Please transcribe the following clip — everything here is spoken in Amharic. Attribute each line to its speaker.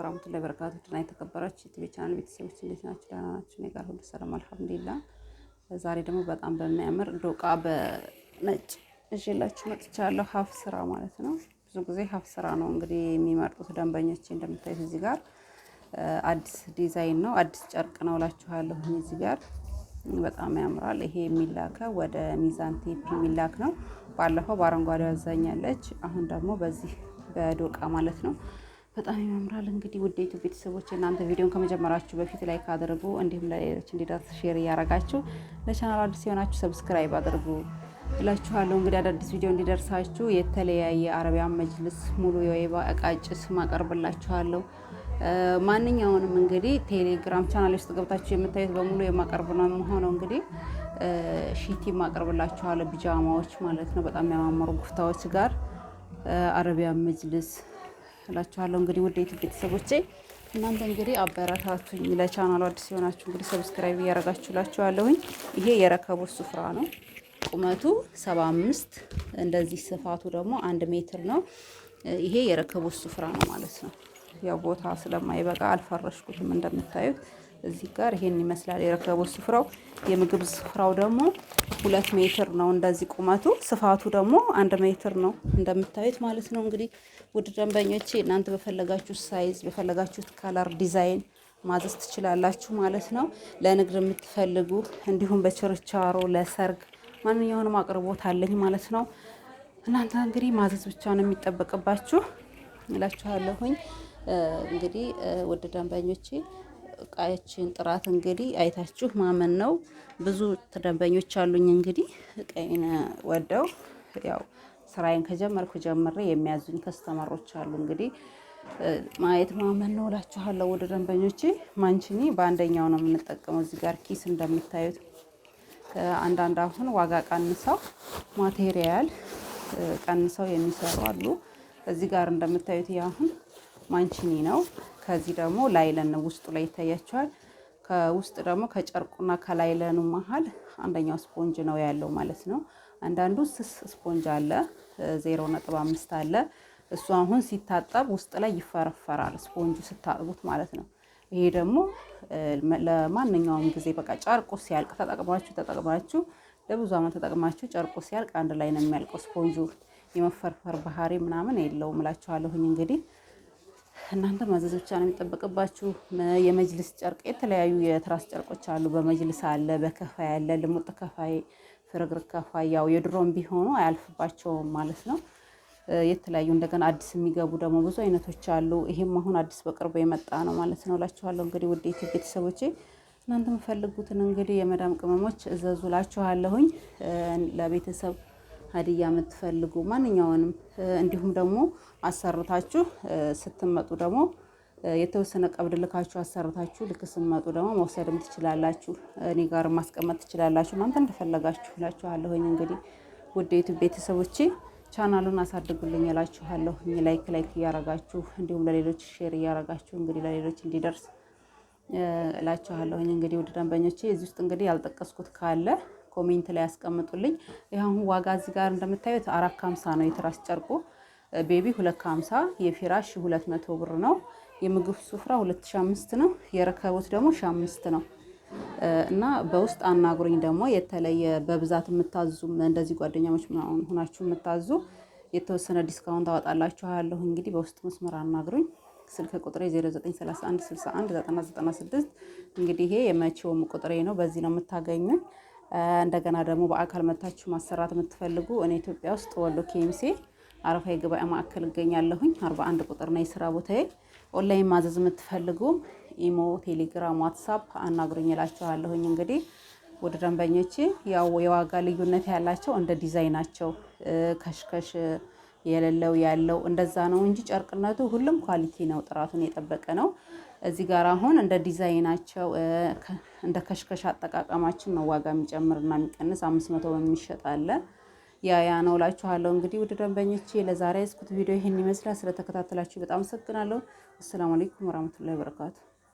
Speaker 1: አለይኩም ወራህመቱላሂ ወበረካቱ እና የተከበራችሁ የዩቲዩብ ቻናል ቤተሰቦች እንዴት ናችሁ? ደህና ናችሁ? እኔ ጋር ሁሉ ሰላም አልሐምዱሊላህ። ዛሬ ደግሞ በጣም በሚያምር ዶቃ በነጭ እዤላችሁ መጥቻለሁ። ሀፍ ስራ ማለት ነው። ብዙ ጊዜ ሀፍ ስራ ነው እንግዲህ የሚመርጡት ደንበኞች። እንደምታዩት እዚህ ጋር አዲስ ዲዛይን ነው፣ አዲስ ጨርቅ ነው እላችኋለሁ። እዚህ ጋር በጣም ያምራል። ይሄ የሚላከው ወደ ሚዛን ቴፕ የሚላክ ነው። ባለፈው በአረንጓዴ አዛኛለች፣ አሁን ደግሞ በዚህ በዶቃ ማለት ነው በጣም ይመምራል። እንግዲህ ውድ ዩቱብ ቤተሰቦች እናንተ ቪዲዮን ከመጀመራችሁ በፊት ላይክ አድርጉ፣ እንዲሁም ለሌሎች እንዲደርስ ሼር እያረጋችሁ ለቻናል አዲስ የሆናችሁ ሰብስክራይብ አድርጉ እላችኋለሁ። እንግዲህ አዳዲስ ቪዲዮ እንዲደርሳችሁ የተለያየ አረቢያን መጅልስ ሙሉ የወይባ እቃ ጭስ ማቀርብላችኋለሁ። ማንኛውንም እንግዲህ ቴሌግራም ቻናል ውስጥ ገብታችሁ የምታዩት በሙሉ የማቀርብ ነው የሚሆነው። እንግዲህ ሺቲ ማቀርብላችኋለሁ፣ ቢጃማዎች ማለት ነው። በጣም የሚያማምሩ ጉፍታዎች ጋር አረቢያን መጅልስ እላችኋለሁ። እንግዲህ ውድ ዩቲዩብ ቤተሰቦቼ እናንተ እንግዲህ አበረታቱኝ። ለቻናሉ አዲስ የሆናችሁ እንግዲህ ሰብስክራይብ እያረጋችሁላችኋለሁኝ። ይሄ የረከቦት ስፍራ ነው። ቁመቱ 75 እንደዚህ፣ ስፋቱ ደግሞ አንድ ሜትር ነው። ይሄ የረከቦት ስፍራ ነው ማለት ነው። ያው ቦታ ስለማይበቃ አልፈረሽኩትም እንደምታዩት እዚህ ጋር ይሄን ይመስላል የረከቡት ስፍራው። የምግብ ስፍራው ደግሞ ሁለት ሜትር ነው እንደዚህ ቁመቱ፣ ስፋቱ ደግሞ አንድ ሜትር ነው እንደምታዩት ማለት ነው። እንግዲህ ውድ ደንበኞቼ እናንተ በፈለጋችሁት ሳይዝ በፈለጋችሁት ካለር ዲዛይን ማዘዝ ትችላላችሁ ማለት ነው። ለንግድ የምትፈልጉ እንዲሁም በችርቻሮ ለሰርግ ማንኛውንም አቅርቦት አለኝ ማለት ነው። እናንተ እንግዲህ ማዘዝ ብቻ ነው የሚጠበቅባችሁ እላችኋለሁኝ። እንግዲህ ውድ ደንበኞቼ እቃችን ጥራት እንግዲህ አይታችሁ ማመን ነው። ብዙ ደንበኞች አሉኝ እንግዲህ እቃዬን ወደው ያው ስራዬን ከጀመርኩ ጀምሬ የሚያዙኝ ከስተመሮች አሉ። እንግዲህ ማየት ማመን ነው እላችኋለሁ። ወደ ደንበኞቼ ማንችኒ በአንደኛው ነው የምንጠቀመው። እዚህ ጋር ኪስ እንደምታዩት አንዳንድ አሁን ዋጋ ቀንሰው ማቴሪያል ቀንሰው የሚሰሩ አሉ። እዚህ ጋር እንደምታዩት አሁን ማንችኒ ነው። ከዚህ ደግሞ ላይለን ውስጡ ላይ ይታያቸዋል። ከውስጥ ደግሞ ከጨርቁና ከላይለኑ መሀል አንደኛው ስፖንጅ ነው ያለው ማለት ነው። አንዳንዱ ስስ ስፖንጅ አለ፣ ዜሮ ነጥብ አምስት አለ። እሱ አሁን ሲታጠብ ውስጥ ላይ ይፈረፈራል ስፖንጁ ስታጥቡት ማለት ነው። ይሄ ደግሞ ለማንኛውም ጊዜ በቃ ጨርቁ ሲያልቅ ተጠቅማችሁ ተጠቅማችሁ ለብዙ ዓመት ተጠቅማችሁ ጨርቁ ሲያልቅ አንድ ላይ ነው የሚያልቀው። ስፖንጁ የመፈርፈር ባህሪ ምናምን የለውም እላችኋለሁኝ እንግዲህ ከእናንተ ማዘዝ ብቻ ነው የሚጠበቅባችሁ። የመጅልስ ጨርቅ፣ የተለያዩ የትራስ ጨርቆች አሉ። በመጅልስ አለ፣ በከፋይ አለ፣ ልሙጥ ከፋይ፣ ፍርግርግ ከፋይ። ያው የድሮም ቢሆኑ አያልፍባቸውም ማለት ነው። የተለያዩ እንደገና አዲስ የሚገቡ ደግሞ ብዙ አይነቶች አሉ። ይሄም አሁን አዲስ በቅርቡ የመጣ ነው ማለት ነው ላችኋለሁ እንግዲህ ውድ ኢትዮ ቤተሰቦቼ እናንተ የምፈልጉትን እንግዲህ የመዳም ቅመሞች እዘዙ ለቤተሰብ ሀዲያ የምትፈልጉ ማንኛውንም እንዲሁም ደግሞ አሰርታችሁ ስትመጡ ደግሞ የተወሰነ ቀብድ ልካችሁ አሰርታችሁ ልክ ስትመጡ ደግሞ መውሰድም ትችላላችሁ። እኔ ጋር ማስቀመጥ ትችላላችሁ። እናንተ እንደፈለጋችሁ እላችኋለሁኝ። እንግዲህ ውድ ዩቱብ ቤተሰቦቼ ቻናሉን አሳድጉልኝ እላችኋለሁ። ላይክ ላይክ እያረጋችሁ እንዲሁም ለሌሎች ሼር እያረጋችሁ እንግዲህ ለሌሎች እንዲደርስ እላችኋለሁኝ። እንግዲህ ውድ ደንበኞቼ እዚህ ውስጥ እንግዲህ ያልጠቀስኩት ካለ ኮሜንት ላይ ያስቀምጡልኝ። ይሁን ዋጋ እዚህ ጋር እንደምታዩት አራት ከሀምሳ ነው የትራስ ጨርቁ። ቤቢ ሁለት ከሀምሳ የፊራሽ ሁለት መቶ ብር ነው። የምግብ ሱፍራ ሁለት ሺ አምስት ነው። የረከቦት ደግሞ ሺ አምስት ነው እና በውስጥ አናግሩኝ። ደግሞ የተለየ በብዛት የምታዙ እንደዚህ ጓደኛሞች ሆናችሁ የምታዙ የተወሰነ ዲስካውንት አወጣላችኋለሁ። እንግዲህ በውስጥ መስመር አናግሩኝ። ስልክ ቁጥሬ 0931619096 እንግዲህ ይሄ የመቼውም ቁጥሬ ነው። በዚህ ነው የምታገኙኝ። እንደገና ደግሞ በአካል መታችሁ ማሰራት የምትፈልጉ እኔ ኢትዮጵያ ውስጥ ወሎ ኬሚሴ አረፋ የገበያ ማዕከል እገኛለሁኝ። 41 ቁጥር ነው የስራ ቦታዬ። ኦንላይን ማዘዝ የምትፈልጉም ኢሞ፣ ቴሌግራም፣ ዋትሳፕ አናግሩኝ እላችኋለሁኝ። እንግዲህ ወደ ደንበኞቼ ያው የዋጋ ልዩነት ያላቸው እንደ ዲዛይናቸው ከሽከሽ የሌለው ያለው እንደዛ ነው እንጂ ጨርቅነቱ ሁሉም ኳሊቲ ነው፣ ጥራቱን የጠበቀ ነው። እዚህ ጋር አሁን እንደ ዲዛይናቸው እንደ ከሽከሽ አጠቃቀማችን ነው ዋጋ የሚጨምርና የሚቀንስ አምስት መቶ በሚሸጥ አለ። ያ ያ ነው እላችኋለሁ። እንግዲህ ውድ ደንበኞቼ ለዛሬ ያዝኩት ቪዲዮ ይህን ይመስላል። ስለተከታተላችሁ በጣም አመሰግናለሁ። አሰላሙ አለይኩም ወራህመቱላሂ ወበረካቱ።